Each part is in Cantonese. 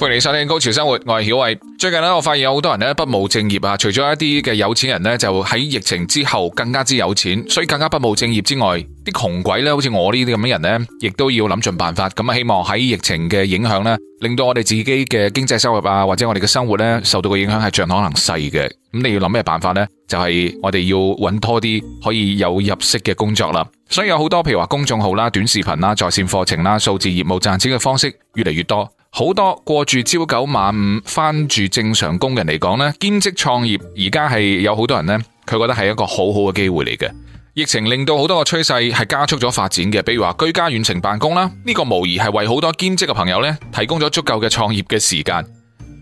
歡迎收聽《高潮生活》，我係曉偉。最近呢，我發現有好多人呢不務正業啊！除咗一啲嘅有錢人呢，就喺疫情之後更加之有錢，所以更加不務正業之外，啲窮鬼呢，好似我呢啲咁嘅人呢，亦都要諗盡辦法。咁啊，希望喺疫情嘅影響呢，令到我哋自己嘅經濟收入啊，或者我哋嘅生活呢，受到嘅影響係盡可能細嘅。咁你要諗咩辦法呢？就係我哋要揾多啲可以有入息嘅工作啦。所以有好多譬如話公眾號啦、短視頻啦、在線課程啦、數字業務賺錢嘅方式越嚟越多。好多過住朝九晚五、返住正常工人嚟講呢，兼職創業而家係有好多人呢，佢覺得係一個好好嘅機會嚟嘅。疫情令到好多嘅趨勢係加速咗發展嘅，比如話居家遠程辦公啦，呢個無疑係為好多兼職嘅朋友呢提供咗足夠嘅創業嘅時間。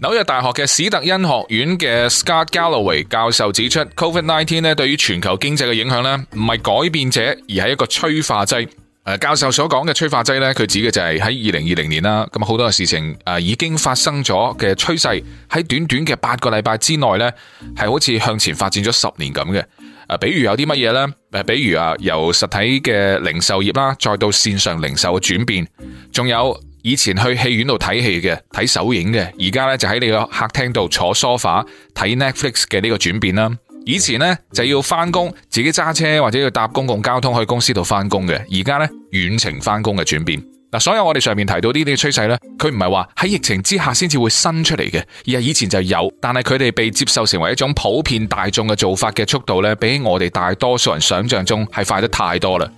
紐約大學嘅史特恩學院嘅 Scott Galloway 教授指出，Covid nineteen 呢對於全球經濟嘅影響呢，唔係改變者，而係一個催化劑。誒，教授所講嘅催化劑咧，佢指嘅就係喺二零二零年啦，咁好多嘅事情誒已經發生咗嘅趨勢，喺短短嘅八個禮拜之內呢，係好似向前發展咗十年咁嘅。比如有啲乜嘢呢？比如啊，由實體嘅零售業啦，再到線上零售嘅轉變，仲有以前去戲院度睇戲嘅、睇首映嘅，而家呢，就喺你個客廳度坐 sofa 睇 Netflix 嘅呢個轉變啦。以前呢，就要翻工，自己揸車或者要搭公共交通去公司度翻工嘅，而家呢。遠程翻工嘅轉變，嗱，所以我哋上面提到呢啲趨勢呢，佢唔係話喺疫情之下先至會新出嚟嘅，而係以前就有，但係佢哋被接受成為一種普遍大眾嘅做法嘅速度呢，比起我哋大多數人想象中係快得太多啦。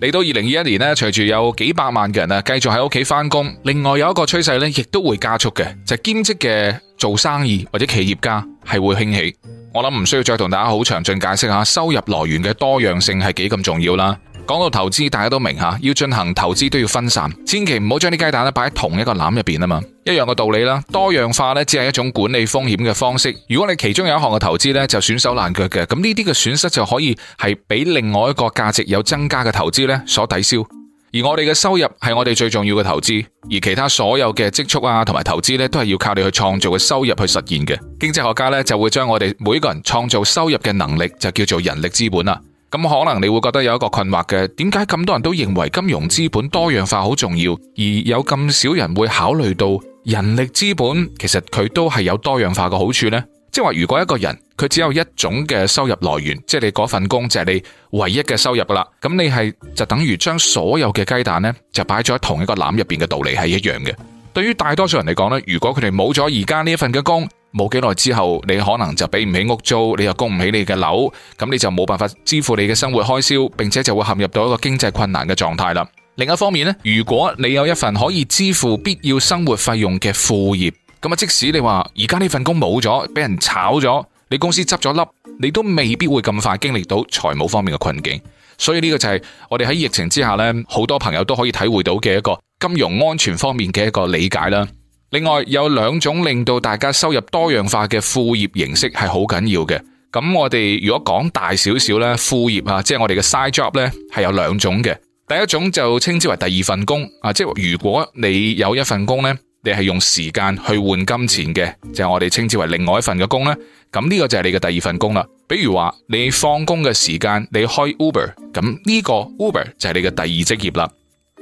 嚟到二零二一年呢，隨住有幾百萬嘅人啊繼續喺屋企翻工，另外有一個趨勢呢亦都會加速嘅，就係兼職嘅做生意或者企業家係會興起。我諗唔需要再同大家好詳盡解釋下收入來源嘅多樣性係幾咁重要啦。講到投資，大家都明吓，要進行投資都要分散，千祈唔好將啲雞蛋咧擺喺同一個籃入邊啊嘛，一樣嘅道理啦。多樣化呢，只係一種管理風險嘅方式。如果你其中有一項嘅投資呢，就損手爛腳嘅，咁呢啲嘅損失就可以係俾另外一個價值有增加嘅投資呢所抵消。而我哋嘅收入係我哋最重要嘅投資，而其他所有嘅積蓄啊同埋投資呢，都係要靠你去創造嘅收入去實現嘅。經濟學家呢，就會將我哋每個人創造收入嘅能力就叫做人力資本啦。咁可能你會覺得有一個困惑嘅，點解咁多人都認為金融資本多樣化好重要，而有咁少人會考慮到人力資本，其實佢都係有多樣化嘅好處呢？即係話，如果一個人佢只有一種嘅收入來源，即係你嗰份工，就係你唯一嘅收入噶啦，咁你係就等於將所有嘅雞蛋呢就擺咗喺同一個籃入邊嘅道理係一樣嘅。對於大多數人嚟講呢，如果佢哋冇咗而家呢份嘅工，冇幾耐之後，你可能就俾唔起屋租，你又供唔起你嘅樓，咁你就冇辦法支付你嘅生活開銷，並且就會陷入到一個經濟困難嘅狀態啦。另一方面咧，如果你有一份可以支付必要生活費用嘅副業，咁啊，即使你話而家呢份工冇咗，俾人炒咗，你公司執咗笠，你都未必會咁快經歷到財務方面嘅困境。所以呢個就係我哋喺疫情之下呢好多朋友都可以體會到嘅一個金融安全方面嘅一個理解啦。另外有兩種令到大家收入多樣化嘅副業形式係好緊要嘅。咁我哋如果講大少少咧，副業啊，即係我哋嘅 side job 咧，係有兩種嘅。第一種就稱之為第二份工啊，即係如果你有一份工咧，你係用時間去換金錢嘅，就係我哋稱之為另外一份嘅工咧。咁呢個就係你嘅第二份工啦。比如話你放工嘅時間，你開 Uber，咁呢個 Uber 就係你嘅第二職業啦。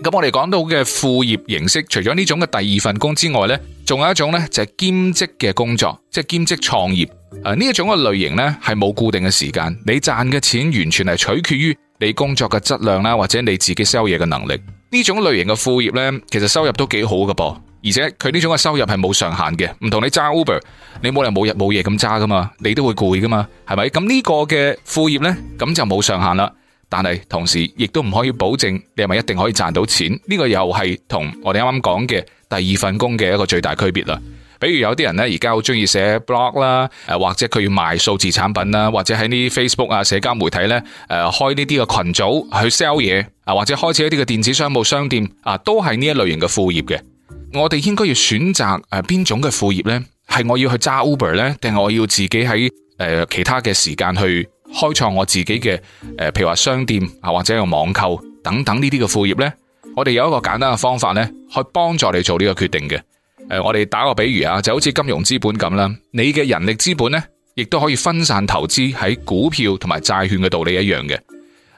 咁我哋講到嘅副業形式，除咗呢種嘅第二份工之外，呢仲有一種呢就係兼職嘅工作，即係兼職創業。啊，呢一種嘅類型呢係冇固定嘅時間，你賺嘅錢完全係取決於你工作嘅質量啦，或者你自己 sell 嘢嘅能力。呢種類型嘅副業呢，其實收入都幾好噶噃，而且佢呢種嘅收入係冇上限嘅，唔同你揸 Uber，你冇理由冇日冇夜咁揸噶嘛，你都會攰噶嘛，係咪？咁呢個嘅副業呢，咁就冇上限啦。但係同時，亦都唔可以保證你係咪一定可以賺到錢？呢個又係同我哋啱啱講嘅第二份工嘅一個最大區別啦。比如有啲人呢，而家好中意寫 blog 啦，誒或者佢要賣數字產品啦，或者喺呢啲 Facebook 啊、社交媒體呢誒開呢啲嘅群組去 sell 嘢啊，或者開始一啲嘅電子商務商店啊，都係呢一類型嘅副業嘅。我哋應該要選擇誒邊種嘅副業呢？係我要去揸 Uber 呢，定係我要自己喺誒其他嘅時間去？開創我自己嘅誒，譬如話商店啊，或者用網購等等呢啲嘅副業呢，我哋有一個簡單嘅方法呢，去幫助你做呢個決定嘅。誒，我哋打個比喻啊，就好似金融資本咁啦，你嘅人力資本呢，亦都可以分散投資喺股票同埋債券嘅道理一樣嘅。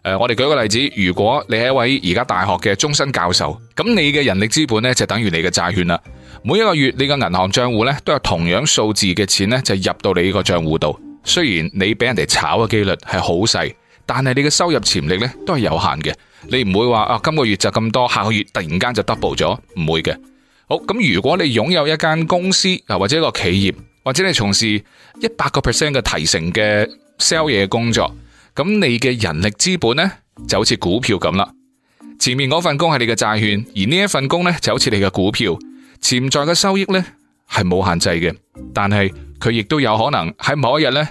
誒，我哋舉個例子，如果你係一位而家大學嘅終身教授，咁你嘅人力資本呢，就等於你嘅債券啦。每一個月，你嘅銀行賬戶呢，都有同樣數字嘅錢呢，就入到你呢個賬戶度。雖然你俾人哋炒嘅幾率係好細，但係你嘅收入潛力咧都係有限嘅。你唔會話啊今個月就咁多，下個月突然間就 double 咗，唔會嘅。好，咁如果你擁有一間公司啊，或者一個企業，或者你從事一百個 percent 嘅提成嘅 sell 嘢工作，咁你嘅人力資本呢就好似股票咁啦。前面嗰份工係你嘅債券，而呢一份工呢就好似你嘅股票，潛在嘅收益呢係冇限制嘅，但係。佢亦都有可能喺某一日咧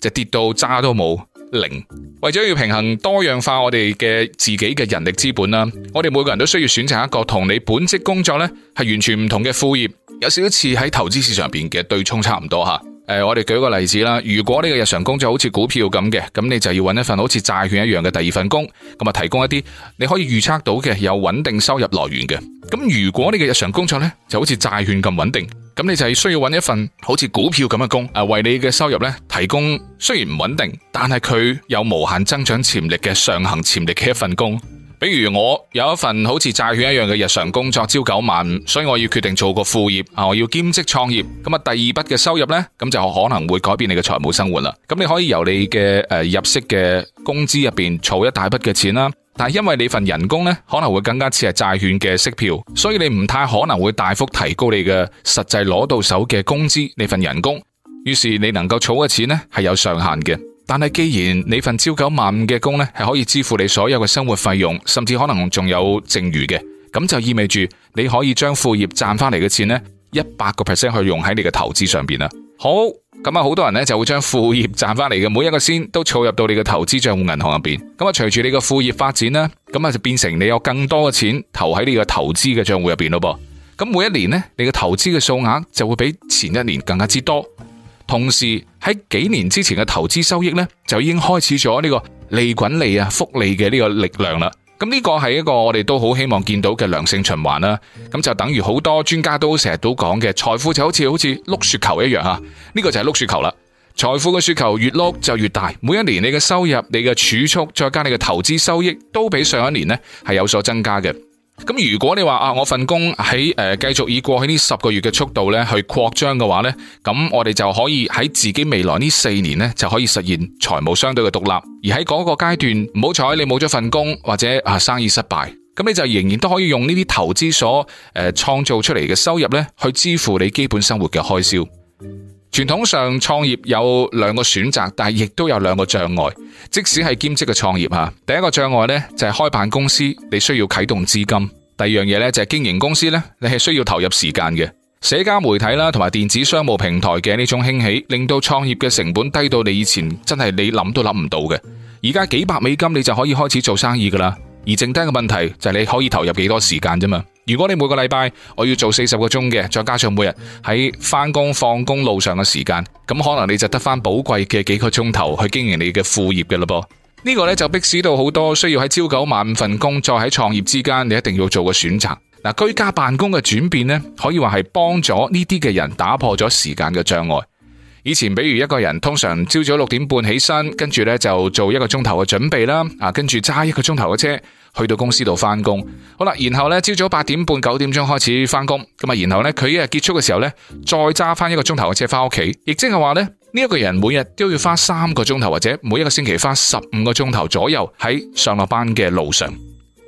就跌到渣都冇零。為咗要平衡多樣化，我哋嘅自己嘅人力資本啦，我哋每個人都需要選擇一個同你本職工作呢，係完全唔同嘅副業，有少少似喺投資市場邊嘅對沖差唔多吓。誒，我哋舉個例子啦，如果你嘅日常工作好似股票咁嘅，咁你就要揾一份好似債券一樣嘅第二份工，咁啊提供一啲你可以預測到嘅有穩定收入來源嘅。咁如果你嘅日常工作呢，就好似債券咁穩定，咁你就係需要揾一份好似股票咁嘅工，誒，為你嘅收入呢提供雖然唔穩定，但係佢有無限增長潛力嘅上行潛力嘅一份工。比如我有一份好似債券一樣嘅日常工作，朝九晚五，所以我要決定做個副業啊，我要兼職創業。咁啊，第二筆嘅收入呢，咁就可能會改變你嘅財務生活啦。咁你可以由你嘅誒、呃、入息嘅工資入邊儲一大筆嘅錢啦，但係因為你份人工呢，可能會更加似係債券嘅息票，所以你唔太可能會大幅提高你嘅實際攞到手嘅工資，你份人工。於是你能夠儲嘅錢呢，係有上限嘅。但係，既然你份朝九晚五嘅工咧，係可以支付你所有嘅生活費用，甚至可能仲有剩餘嘅，咁就意味住你可以將副業賺翻嚟嘅錢咧，一百個 percent 去用喺你嘅投資上邊啦。好，咁啊，好多人咧就會將副業賺翻嚟嘅每一個先都儲入到你嘅投資賬戶銀行入邊。咁啊，隨住你嘅副業發展啦，咁啊就變成你有更多嘅錢投喺你嘅投資嘅賬戶入邊咯。噃，噉，每一年咧，你嘅投資嘅數額就會比前一年更加之多。同時喺幾年之前嘅投資收益呢，就已經開始咗呢個利滾利啊，複利嘅呢個力量啦。咁呢個係一個我哋都好希望見到嘅良性循環啦、啊。咁就等於好多專家都成日都講嘅財富就好似好似碌雪球一樣啊。呢、這個就係碌雪球啦。財富嘅雪球越碌就越大，每一年你嘅收入、你嘅儲蓄，再加你嘅投資收益，都比上一年呢係有所增加嘅。咁如果你話啊，我份工喺誒繼續以過去呢十個月嘅速度咧去擴張嘅話呢，咁我哋就可以喺自己未來呢四年呢就可以實現財務相對嘅獨立，而喺嗰個階段，唔好彩你冇咗份工或者啊生意失敗，咁你就仍然都可以用呢啲投資所誒創造出嚟嘅收入呢去支付你基本生活嘅開銷。傳統上創業有兩個選擇，但係亦都有兩個障礙。即使係兼職嘅創業吓，第一個障礙咧就係開辦公司，你需要啟動資金；第二樣嘢咧就係經營公司咧，你係需要投入時間嘅。社交媒體啦，同埋電子商務平台嘅呢種興起，令到創業嘅成本低到你以前真係你諗都諗唔到嘅。而家幾百美金你就可以開始做生意㗎喇。而剩低嘅問題就係你可以投入幾多時間啫嘛？如果你每個禮拜我要做四十個鐘嘅，再加上每日喺翻工放工路上嘅時間，咁可能你就得翻寶貴嘅幾個鐘頭去經營你嘅副業嘅嘞噃。呢個呢，就迫使到好多需要喺朝九晚五份工，再喺創業之間，你一定要做個選擇。嗱，居家辦公嘅轉變呢，可以話係幫咗呢啲嘅人打破咗時間嘅障礙。以前比如一個人通常朝早六點半起身，跟住呢就做一個鐘頭嘅準備啦，啊，跟住揸一個鐘頭嘅車，去到公司度翻工，好啦，然後咧朝早八點半九點鐘開始翻工，咁啊，然後咧佢一日結束嘅時候咧，再揸翻一個鐘頭嘅車翻屋企，亦即係話咧呢一個人每日都要花三個鐘頭或者每一個星期花十五個鐘頭左右喺上落班嘅路上，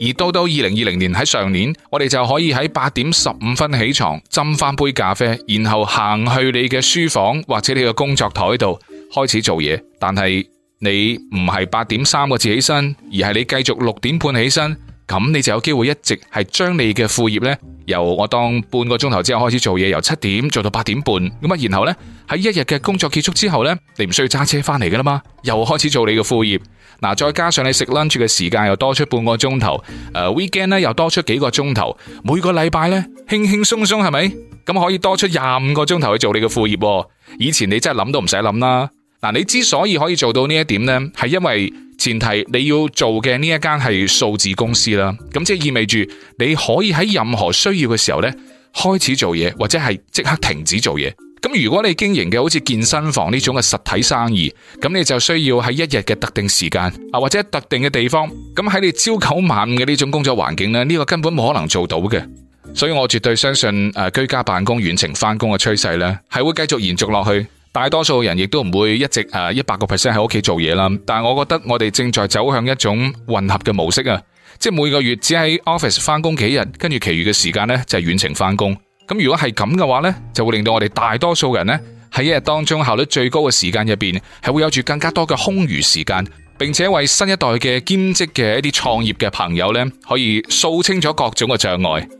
而到到二零二零年喺上年，我哋就可以喺八點十五分起床，斟翻杯咖啡，然後行去你嘅書房或者你嘅工作台度開始做嘢，但係。你唔係八點三個字起身，而係你繼續六點半起身，咁你就有機會一直係將你嘅副業呢，由我當半個鐘頭之後開始做嘢，由七點做到八點半，咁啊，然後呢，喺一日嘅工作結束之後呢，你唔需要揸車翻嚟噶啦嘛，又開始做你嘅副業。嗱，再加上你食 lunch 嘅時間又多出半個鐘頭，呃，weekend 呢又多出幾個鐘頭，每個禮拜呢，輕輕鬆鬆係咪？咁可以多出廿五個鐘頭去做你嘅副業。以前你真係諗都唔使諗啦。嗱，你之所以可以做到呢一點呢，係因為前提你要做嘅，呢一間係數字公司啦。咁即係意味住你可以喺任何需要嘅時候呢開始做嘢，或者係即刻停止做嘢。咁如果你經營嘅好似健身房呢種嘅實體生意，咁你就需要喺一日嘅特定時間啊，或者特定嘅地方。咁喺你朝九晚五嘅呢種工作環境呢，呢個根本冇可能做到嘅。所以我絕對相信誒，居家辦公、遠程翻工嘅趨勢呢，係會繼續延續落去。大多數人亦都唔會一直誒一百個 percent 喺屋企做嘢啦，但係我覺得我哋正在走向一種混合嘅模式啊，即係每個月只喺 office 翻工幾日，跟住其餘嘅時間咧就係遠程翻工。咁如果係咁嘅話咧，就會令到我哋大多數人咧喺一日當中效率最高嘅時間入邊，係會有住更加多嘅空餘時間，並且為新一代嘅兼職嘅一啲創業嘅朋友咧，可以掃清咗各種嘅障礙。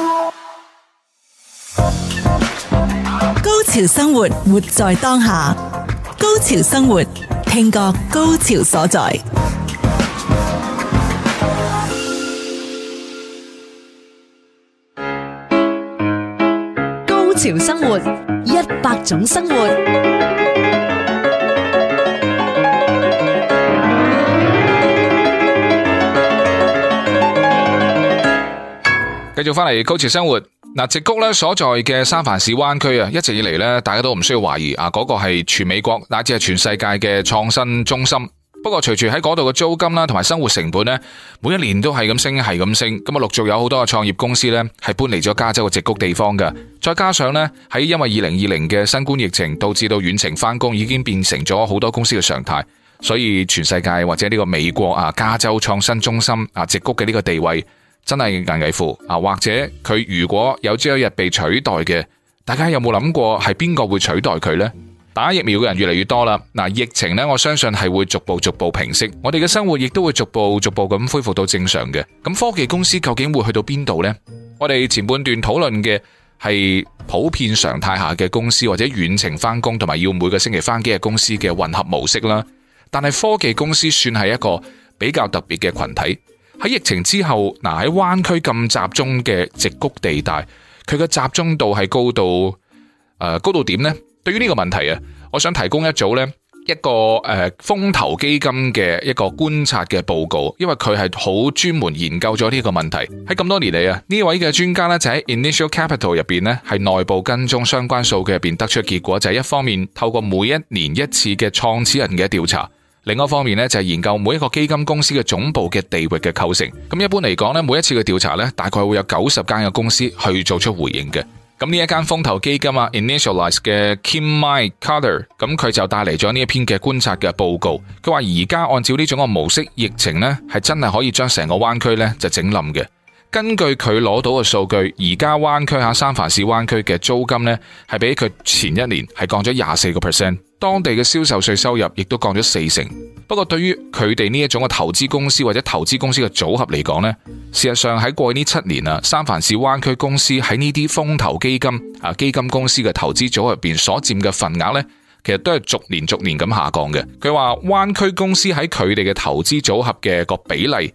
高潮生活，活在當下。高潮生活，聽過高潮所在。高潮生活，一百種生活。繼續翻嚟，高潮生活。嗱，谷咧所在嘅三藩市灣區啊，一直以嚟咧，大家都唔需要懷疑啊，嗰、那個係全美國乃至係全世界嘅創新中心。不過，隨住喺嗰度嘅租金啦，同埋生活成本咧，每一年都係咁升，係咁升。咁啊，陸續有好多嘅創業公司咧，係搬嚟咗加州嘅直谷地方嘅。再加上咧，喺因為二零二零嘅新冠疫情，導致到遠程翻工已經變成咗好多公司嘅常態。所以，全世界或者呢個美國啊，加州創新中心啊，直谷嘅呢個地位。真係難計數，或者佢如果有朝一日被取代嘅，大家有冇諗過係邊個會取代佢呢？打疫苗嘅人越嚟越多啦，嗱、啊，疫情呢，我相信係會逐步逐步平息，我哋嘅生活亦都會逐步逐步咁恢復到正常嘅。咁科技公司究竟會去到邊度呢？我哋前半段討論嘅係普遍常態下嘅公司或者遠程翻工同埋要每個星期翻幾日公司嘅混合模式啦，但係科技公司算係一個比較特別嘅群體。喺疫情之後，嗱喺灣區咁集中嘅矽谷地帶，佢嘅集中度係高到誒、呃、高到點咧？對於呢個問題啊，我想提供一組咧一個誒、呃、風投基金嘅一個觀察嘅報告，因為佢係好專門研究咗呢個問題。喺咁多年嚟啊，呢位嘅專家咧就喺 Initial Capital 入邊咧係內部跟蹤相關數據入邊得出嘅結果，就係、是、一方面透過每一年一次嘅創始人嘅調查。另一方面咧，就係研究每一個基金公司嘅總部嘅地域嘅構成。咁一般嚟講咧，每一次嘅調查咧，大概會有九十間嘅公司去做出回應嘅。咁呢一間風投基金啊 Initialized 嘅 Kim-Mai Cutler，咁佢就帶嚟咗呢一篇嘅觀察嘅報告。佢話而家按照呢種嘅模式，疫情咧係真係可以將成個灣區咧就整冧嘅。根據佢攞到嘅數據，而家灣區吓三藩市灣區嘅租金咧係比佢前一年係降咗廿四個 percent。當地嘅銷售稅收入亦都降咗四成。不過，對於佢哋呢一種嘅投資公司或者投資公司嘅組合嚟講呢，事實上喺過去呢七年啊，三藩市灣區公司喺呢啲風投基金啊基金公司嘅投資組合入邊所佔嘅份額呢，其實都係逐年逐年咁下降嘅。佢話灣區公司喺佢哋嘅投資組合嘅個比例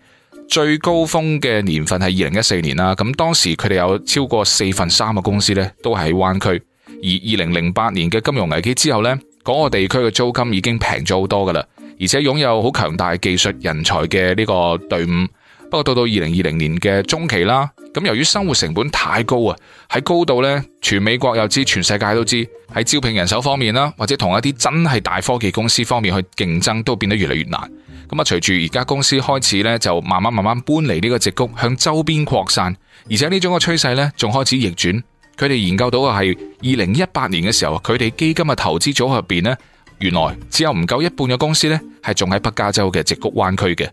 最高峰嘅年份係二零一四年啦。咁當時佢哋有超過四分三嘅公司呢，都喺灣區。而二零零八年嘅金融危機之後呢。嗰個地區嘅租金已經平咗好多噶啦，而且擁有好強大技術人才嘅呢個隊伍。不過到，到二零二零年嘅中期啦，咁由於生活成本太高啊，喺高到呢，全美國又知，全世界都知，喺招聘人手方面啦，或者同一啲真係大科技公司方面去競爭，都變得越嚟越難。咁啊，隨住而家公司開始呢，就慢慢慢慢搬離呢個直谷，向周邊擴散，而且呢種嘅趨勢呢，仲開始逆轉。佢哋研究到嘅係二零一八年嘅時候，佢哋基金嘅投資組合入邊咧，原來只有唔夠一半嘅公司咧係仲喺北加州嘅矽谷灣區嘅。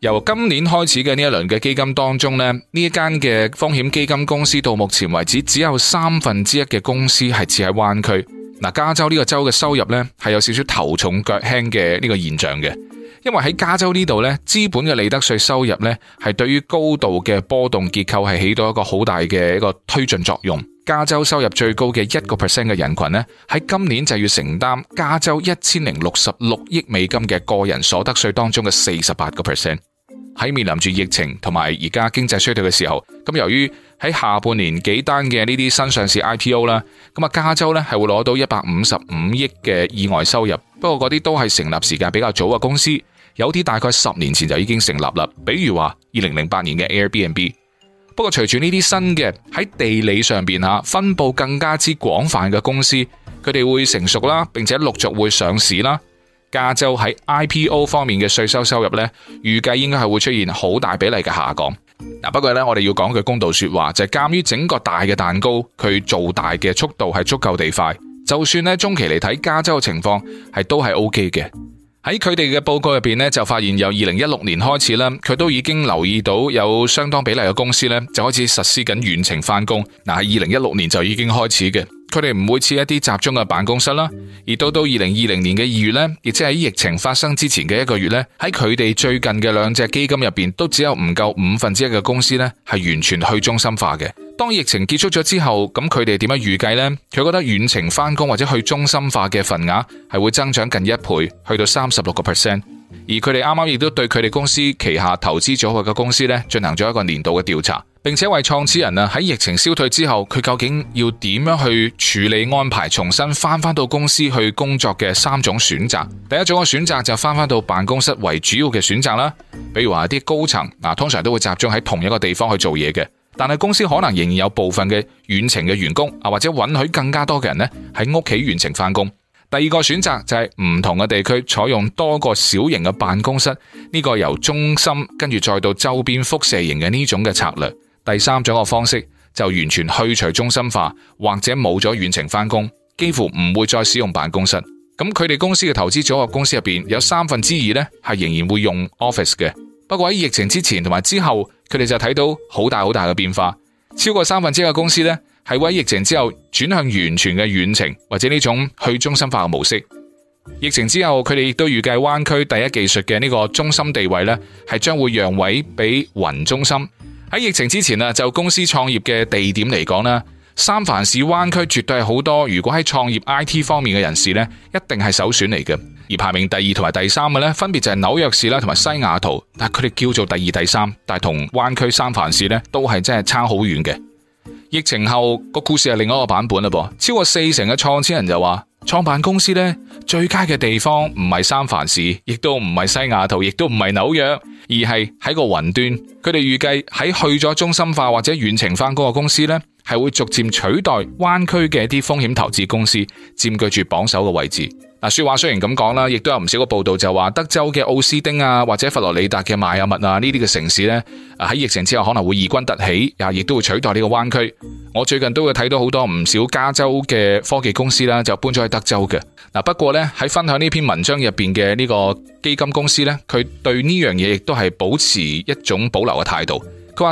由今年開始嘅呢一輪嘅基金當中咧，呢一間嘅風險基金公司到目前為止只有三分之一嘅公司係設喺灣區。嗱，加州呢個州嘅收入咧係有少少頭重腳輕嘅呢個現象嘅，因為喺加州呢度咧，資本嘅利得稅收入咧係對於高度嘅波動結構係起到一個好大嘅一個推進作用。加州收入最高嘅一個 percent 嘅人群呢，喺今年就要承擔加州一千零六十六億美金嘅個人所得稅當中嘅四十八個 percent。喺面臨住疫情同埋而家經濟衰退嘅時候，咁由於喺下半年幾單嘅呢啲新上市 IPO 啦，咁啊加州呢，係會攞到一百五十五億嘅意外收入。不過嗰啲都係成立時間比較早嘅公司，有啲大概十年前就已經成立啦，比如話二零零八年嘅 Airbnb。不過隨住呢啲新嘅喺地理上邊吓分佈更加之廣泛嘅公司，佢哋會成熟啦，並且陸續會上市啦。加州喺 IPO 方面嘅稅收收入呢，預計應該係會出現好大比例嘅下降嗱。不過呢，我哋要講句公道說話，就係鑑於整個大嘅蛋糕，佢做大嘅速度係足夠地快，就算呢中期嚟睇加州嘅情況係都係 OK 嘅。喺佢哋嘅報告入邊咧，就發現由二零一六年開始啦，佢都已經留意到有相當比例嘅公司咧，就開始實施緊遠程返工。嗱，喺二零一六年就已經開始嘅，佢哋唔會似一啲集中嘅辦公室啦。而到到二零二零年嘅二月咧，亦即係疫情發生之前嘅一個月咧，喺佢哋最近嘅兩隻基金入邊，都只有唔夠五分之一嘅公司咧係完全去中心化嘅。當疫情結束咗之後，咁佢哋點樣預計呢？佢覺得遠程翻工或者去中心化嘅份額係會增長近一倍，去到三十六個 percent。而佢哋啱啱亦都對佢哋公司旗下投資咗佢嘅公司咧進行咗一個年度嘅調查，並且為創始人啊，喺疫情消退之後，佢究竟要點樣去處理安排，重新翻翻到公司去工作嘅三種選擇。第一種嘅選擇就翻翻到辦公室為主要嘅選擇啦，比如話啲高層嗱，通常都會集中喺同一個地方去做嘢嘅。但係公司可能仍然有部分嘅遠程嘅員工啊，或者允許更加多嘅人咧喺屋企遠程翻工。第二個選擇就係唔同嘅地區採用多個小型嘅辦公室，呢個由中心跟住再到周邊輻射型嘅呢種嘅策略。第三種嘅方式就完全去除中心化，或者冇咗遠程翻工，幾乎唔會再使用辦公室。咁佢哋公司嘅投資組合公司入邊有三分之二呢係仍然會用 office 嘅，不過喺疫情之前同埋之後。佢哋就睇到好大好大嘅變化，超過三分之一嘅公司咧，係會喺疫情之後轉向完全嘅遠程或者呢種去中心化嘅模式。疫情之後，佢哋亦都預計灣區第一技術嘅呢個中心地位咧，係將會讓位俾雲中心。喺疫情之前啊，就公司創業嘅地點嚟講啦。三藩市灣區絕對係好多，如果喺創業 IT 方面嘅人士呢，一定係首選嚟嘅。而排名第二同埋第三嘅呢，分別就係紐約市啦，同埋西雅圖。但係佢哋叫做第二、第三，但係同灣區三藩市呢，都係真係差好遠嘅。疫情後個故事係另一個版本嘞噃，超過四成嘅創始人就話，創辦公司呢，最佳嘅地方唔係三藩市，亦都唔係西雅圖，亦都唔係紐約，而係喺個雲端。佢哋預計喺去咗中心化或者遠程翻工嘅公司呢，係會逐漸取代灣區嘅一啲風險投資公司佔據住榜首嘅位置。嗱，說話雖然咁講啦，亦都有唔少個報道就話，德州嘅奧斯丁啊，或者佛羅里達嘅邁阿密啊，呢啲嘅城市呢，喺疫情之後可能會異軍突起，啊，亦都會取代呢個灣區。我最近都會睇到好多唔少加州嘅科技公司啦，就搬咗去德州嘅。嗱，不過呢，喺分享呢篇文章入邊嘅呢個基金公司呢，佢對呢樣嘢亦都係保持一種保留嘅態度。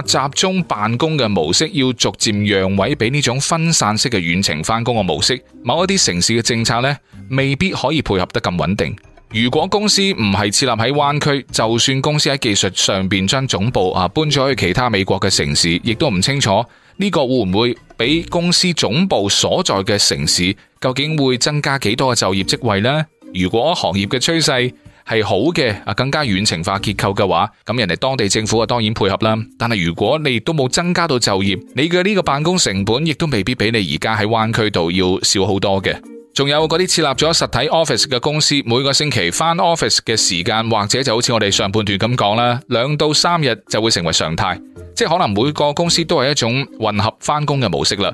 集中辦公嘅模式要逐漸讓位俾呢種分散式嘅遠程返工嘅模式，某一啲城市嘅政策呢，未必可以配合得咁穩定。如果公司唔係設立喺灣區，就算公司喺技術上邊將總部啊搬咗去其他美國嘅城市，亦都唔清楚呢個會唔會俾公司總部所在嘅城市究竟會增加幾多嘅就業職位呢？如果行業嘅趨勢。係好嘅啊，更加遠程化結構嘅話，咁人哋當地政府啊，當然配合啦。但係如果你都冇增加到就業，你嘅呢個辦公成本亦都未必比你而家喺灣區度要少好多嘅。仲有嗰啲設立咗實體 office 嘅公司，每個星期翻 office 嘅時間，或者就好似我哋上半段咁講啦，兩到三日就會成為常態，即係可能每個公司都係一種混合翻工嘅模式啦。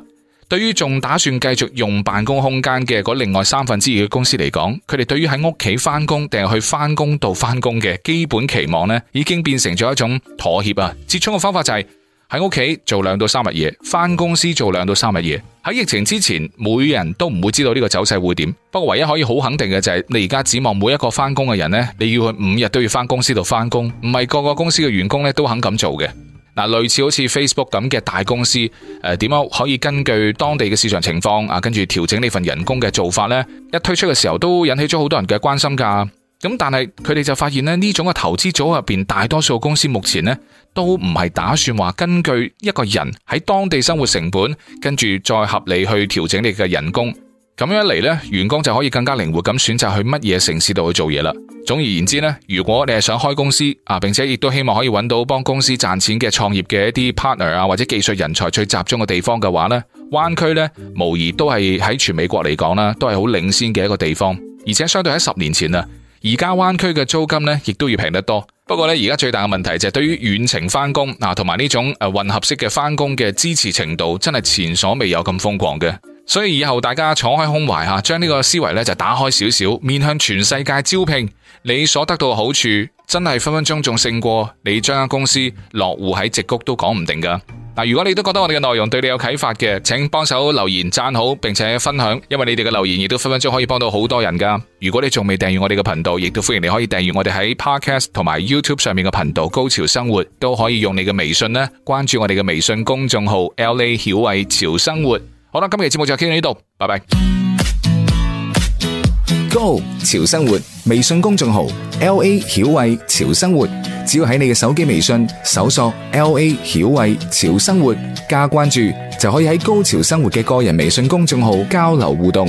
對於仲打算繼續用辦公空間嘅嗰另外三分之二嘅公司嚟講，佢哋對於喺屋企翻工定係去翻工度翻工嘅基本期望呢，已經變成咗一種妥協啊！折衷嘅方法就係喺屋企做兩到三日嘢，翻公司做兩到三日嘢。喺疫情之前，每人都唔會知道呢個走勢會點。不過唯一可以好肯定嘅就係、是，你而家指望每一個翻工嘅人呢，你要去五日都要翻公司度翻工，唔係個個公司嘅員工呢都肯咁做嘅。嗱，類似好似 Facebook 咁嘅大公司，誒點樣可以根據當地嘅市場情況啊，跟住調整呢份人工嘅做法呢？一推出嘅時候都引起咗好多人嘅關心㗎。咁但係佢哋就發現咧，呢種嘅投資組合入邊大多數公司目前咧都唔係打算話根據一個人喺當地生活成本，跟住再合理去調整你嘅人工。咁樣一嚟咧，員工就可以更加靈活咁選擇去乜嘢城市度去做嘢啦。總而言之咧，如果你係想開公司啊，並且亦都希望可以揾到幫公司賺錢嘅創業嘅一啲 partner 啊，或者技術人才最集中嘅地方嘅話咧，灣區咧無疑都係喺全美國嚟講啦，都係好領先嘅一個地方。而且相對喺十年前啊，而家灣區嘅租金咧，亦都要平得多。不過咧，而家最大嘅問題就係對於遠程返工啊，同埋呢種誒混合式嘅返工嘅支持程度，真係前所未有咁瘋狂嘅。所以以後大家敞開胸懷吓，將呢個思維咧就打開少少，面向全世界招聘。你所得到嘅好處真係分分鐘仲勝過你將間公司落戶喺矽谷都講唔定噶嗱。如果你都覺得我哋嘅內容對你有啟發嘅，請幫手留言讚好，並且分享，因為你哋嘅留言亦都分分鐘可以幫到好多人噶。如果你仲未訂閱我哋嘅頻道，亦都歡迎你可以訂閱我哋喺 Podcast 同埋 YouTube 上面嘅頻道《高潮生活》，都可以用你嘅微信咧關注我哋嘅微信公眾號 L A 曉慧潮生活。好啦，今期節目就傾到呢度，拜拜。Go 潮生活微信公眾號 L A 曉慧潮生活，只要喺你嘅手機微信搜索 L A 曉慧潮生活加關注，就可以喺高潮生活嘅個人微信公眾號交流互動。